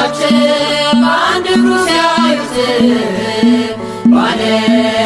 ሀገራችን በአንድ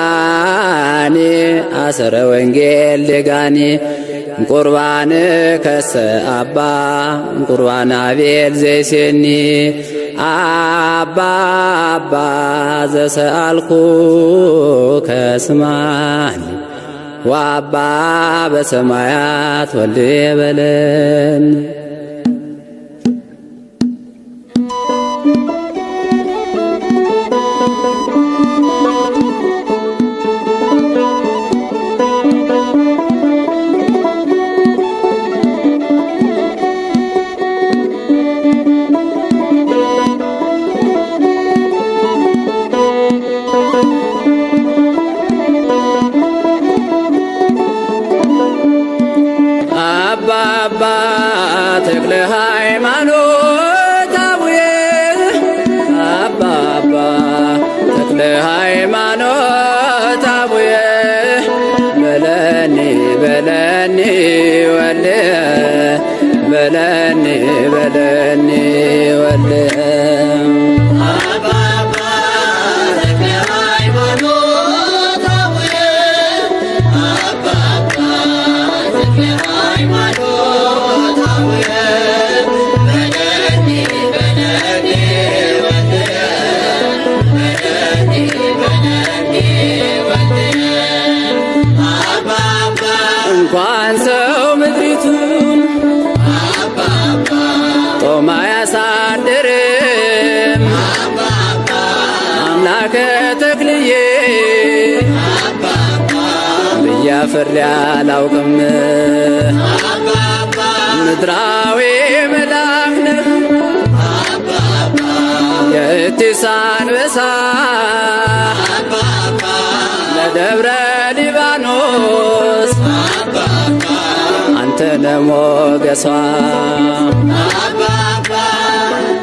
ቃኒ አሰረ ወንጌል ሌጋኒ እንቁርባን ከሰ አባ እንቁርባን አቤል ዘይሴኒ አባ አባ ዘሰአልኩ ከስማኒ ወአባ በሰማያት ወልድ የበለን አፍሬ ያላውቅም ምድራዊ መላክ ነህ የእቲስ አንበሳ ለደብረ ሊባኖስ አንተ ለሞገሷ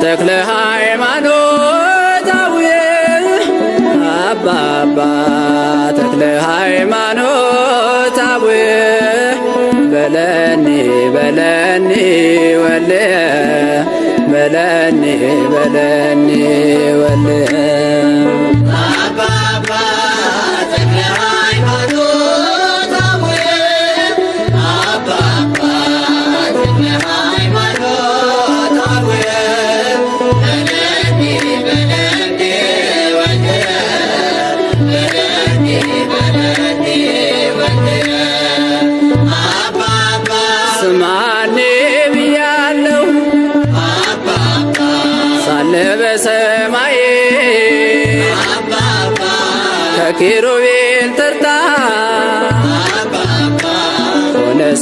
ተክለ ሃይማኖት አቡዬ አባባ ተክለ ሃይማኖት بلاني بلاني ولا بلاني بلاني ولا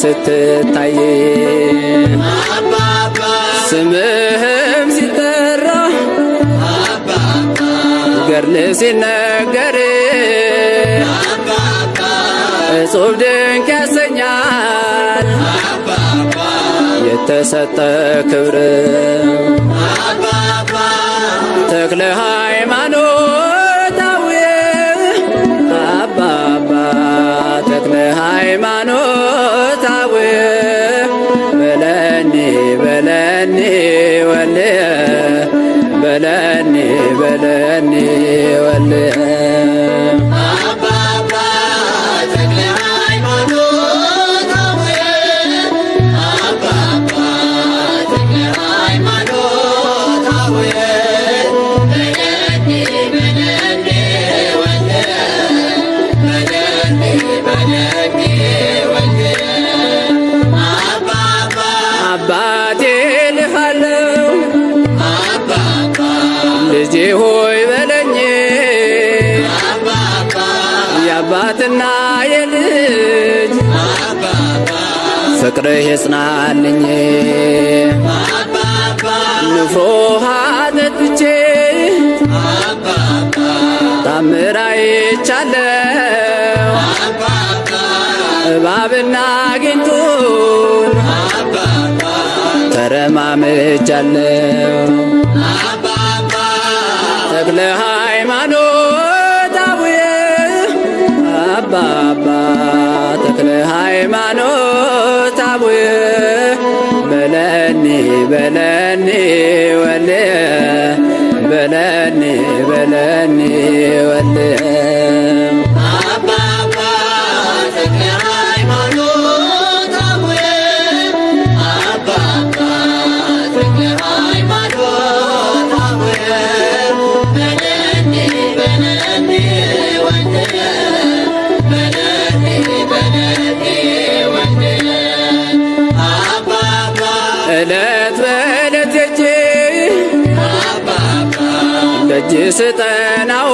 ስትታይ ስምህም ሲጠራ ገርል ሲነገር እጹብ ድንቅ ያሰኛል የተሰጠ ክብር ተክለ ሃይማኖት Yeah. ፍቅርህ ይጽናልኝ ንፍሮ ሀተትቼ ታምራ እባብና ጊንጡን ተረማምጃለው ተክለ ሃይማኖት አቡዬ አባባ ተክለ ሃይማኖት አቡየ በለኒ በለኒ ወልየ በለኒ በለኒ ወልየ እጅ ስጠናው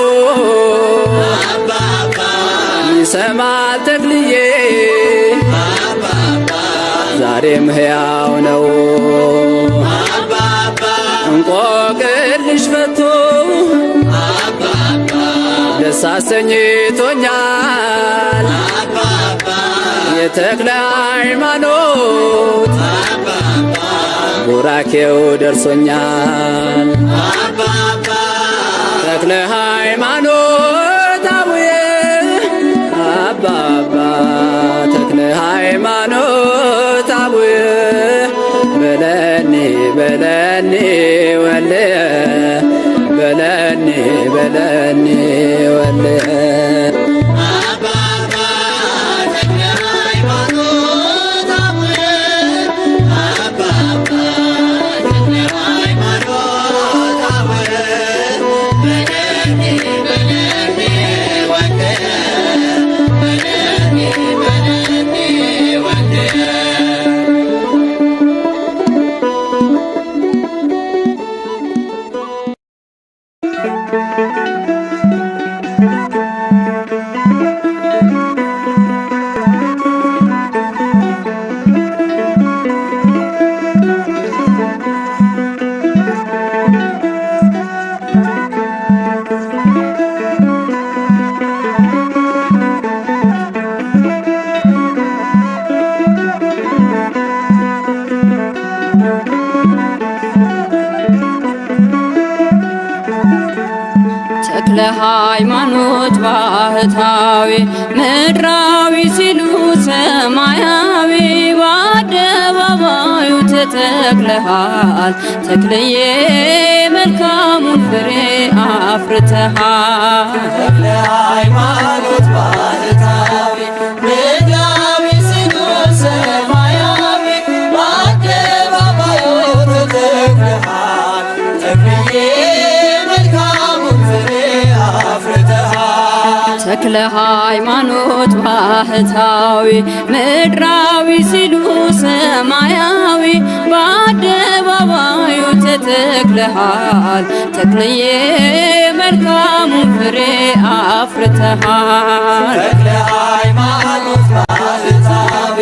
ይሰማል ተክልዬ ዛሬም ሕያው ነው እንቆቅልሽ ፈቶ ደስ አሰኝቶኛል የተክለ ሃይማኖት ቡራኬው ደርሶኛል ተክለ ሃይማኖት አቡዬ አባባ ተክለ ሃይማኖት አቡዬ በለኒ በለኒ ወልየ በለኒ በለኒ ወልየ ተክለ ሃይማኖት ባህታዊ ምድራዊ ሲሉ ሰማያዊ በአደባባዩ ተተክለሃል ተክልዬ መልካሙ ፍሬ አፍርተሃል ተክለ ሃይማኖት ባህታዊ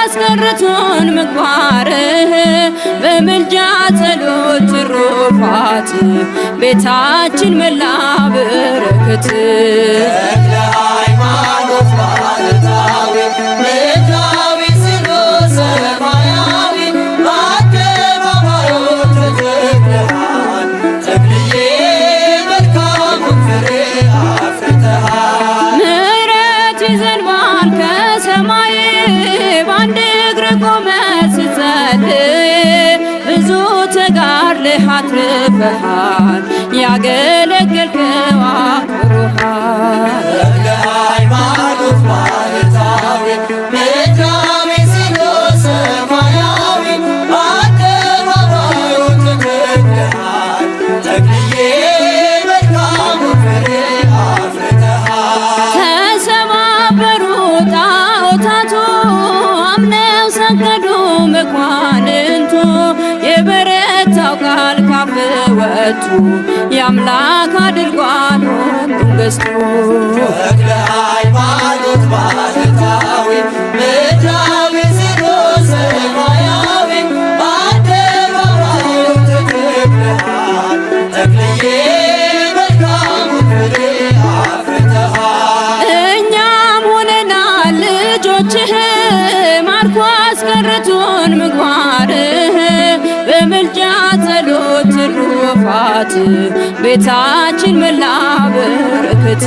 የመረቶን ምግባር በምልጃ ጸሎት ትሩፋት ቤታችን መላ በረከት አትርፈሃል ያገ አምላክ አድርጓል ሁሉን ገዝቶ በዓላት ቤታችን መላ በረከት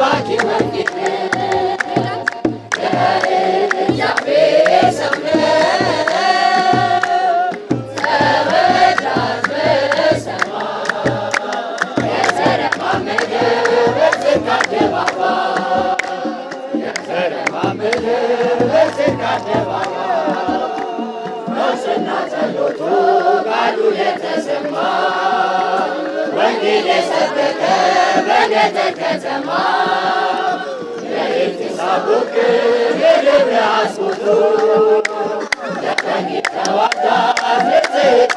baki wewe የሰበከ በገጠር ከተማ ለሌት ሳቡቅ የደብረ አስቁጡ ለቀን ተዋዳ ለዘይት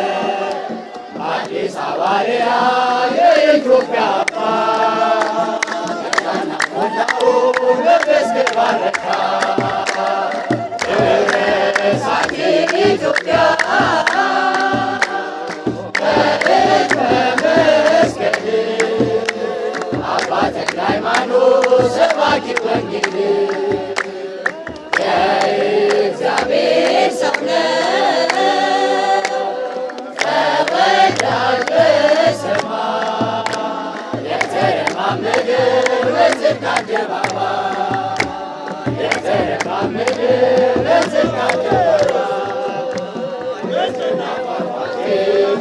አዲስ አበባ የኢትዮጵያ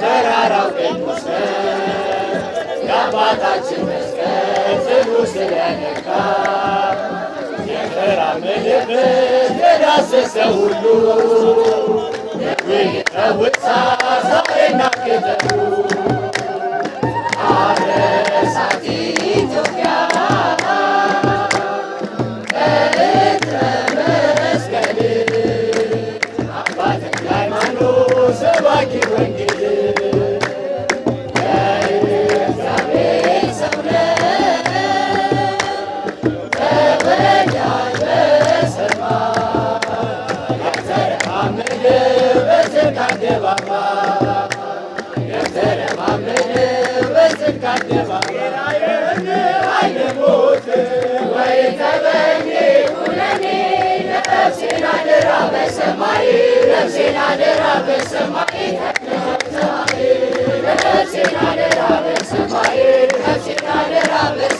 ከተራራው ቅዱስ የአባታችን መስቀል ጽኑ ስለነካ የተራመደበት የዳሰሰ ሁሉ ይጠውሳ ሳሬና ቅጠሉ አደራ በሰማይ ነፍሴን አደራ በሰማይ ነፍሴን አደራ በሰማይ ነፍሴን አደራ በሰማይ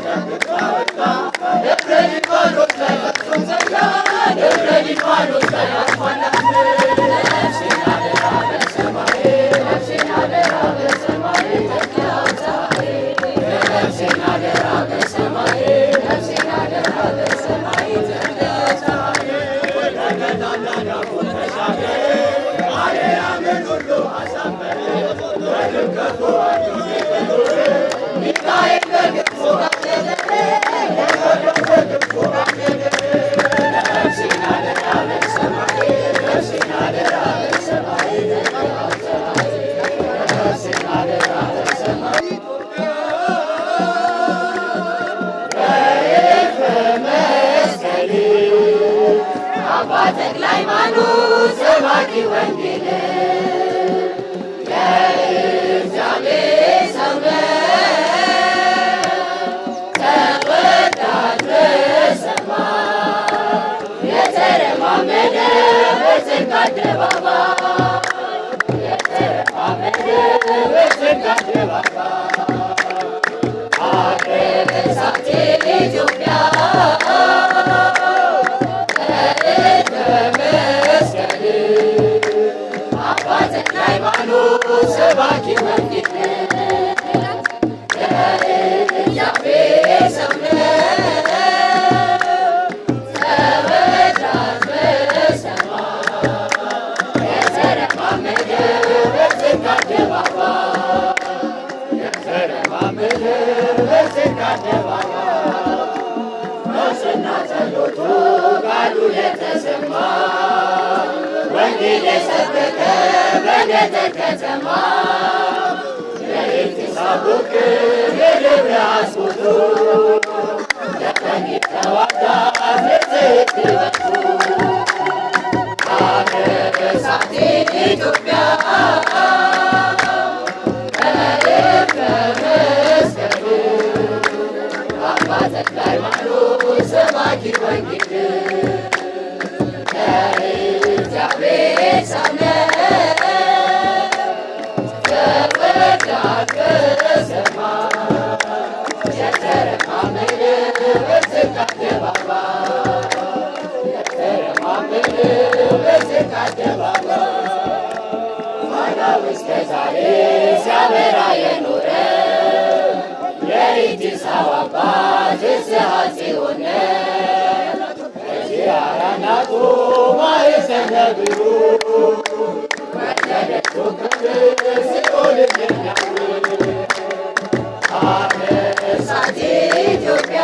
እስከዛሬ ሲያበራ የኖረ የኢቲሳው አባት ፍስሐ ሲሆነ ኢትዮጵያ